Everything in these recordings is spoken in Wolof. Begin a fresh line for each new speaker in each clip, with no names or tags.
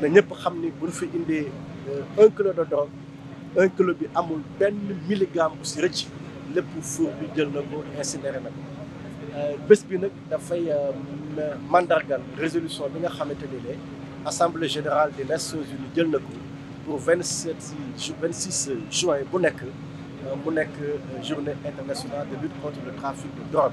na ñëpp xam ni bu ñu fi indee euh, un kilo de drogue un kilo bi amul benn milligramme bu si rëcc lépp fuur bi jël na ko incinéré na ko euh, bés bi nag dafay euh, mandargal résolution bi nga xamante ni ne assemblée générale des nations unies jël na ko pour vingt 26 vingt juin bu nekk mu nekk journée internationale de lutte contre le trafic de drogue.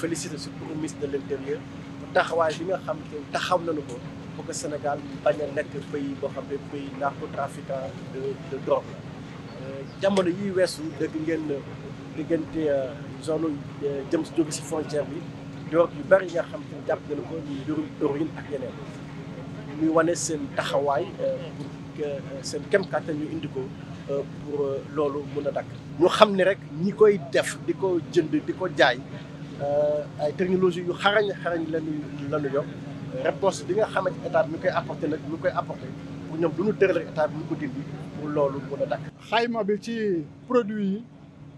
félicité surtout au ministre de l'Intérieur intérieur taxawaay bi nga xam té taxaw nañu ko pour que Sénégal baña nek pays bo xam ne pays narcotrafiquant de de drogue euh jamono yuy weesu deug ngeen diggante euh, zone euh, jëm ci jóge ci frontière bi drogue yu bari nga xam te jàpp nañu ko ni mbirum héroïne ak yeneen muy wane seen taxawaay euh, pour sen kem kàttan ñu indi ko. pour lolu mëna a dakk ñu xamni rek ñi koy def diko jënd diko jaay Euh, ay technologie yu xarañ xarañ lañu lañu yor réponse bi nga xamante état mi ñu koy apporté nag ñu koy apporté pour ñoom du ñu tëral état bi ñu ko dindi pour loolu mën a dakk
xayma bi ci produit yi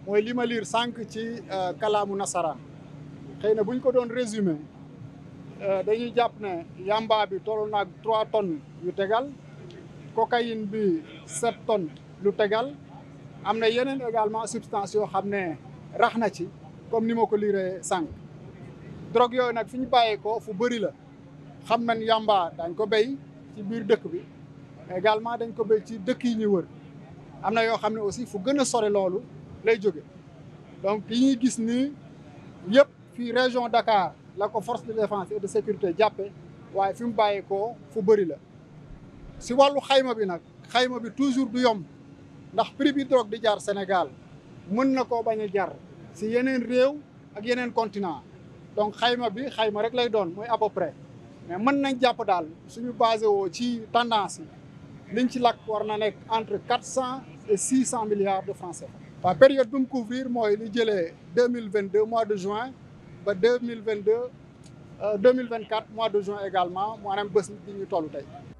mooy li ma liir sànq ci euh, kalaamu nasaraan xëy na bu ñu ko doon résumé euh, dañuy jàpp ne yamba bi toll naag trois tonnes yu tegal cocaïne bi sept tonnes lu tegal am na yeneen également substance yoo xam ne rax na ci comme ni ma ko liiree sànq drogue yooyu nag fi ñu bàyyee ko fu bëri la xam nañ yamba dañ ko béy ci biir dëkk bi également dañ ko béy ci dëkk yi ñuy wër am na yoo xam ne aussi fu gën a sore loolu lay jóge donc yi ñuy gis nii yëpp fii région Dakar la ko force de défense et de sécurité jàppe waaye fi mu bàyyee ko fu bari la si wàllu xayma bi nag xayma bi toujours du yomb ndax prix bi drogue di jar Sénégal mën na koo bañ jar ci yeneen réew ak un continent donc xayma bi xayma rek lay doon mooy à peu près mais mën nañ jàpp daal suñu basé woo ci tendance yi liñ ci lakk war na nekk entre 400 et 600 milliards de francs la période que mu couvrir mooy li 2022 mois de juin ba 2022 euh, 2024 mois de juin également moo bés bi ñu toll tey.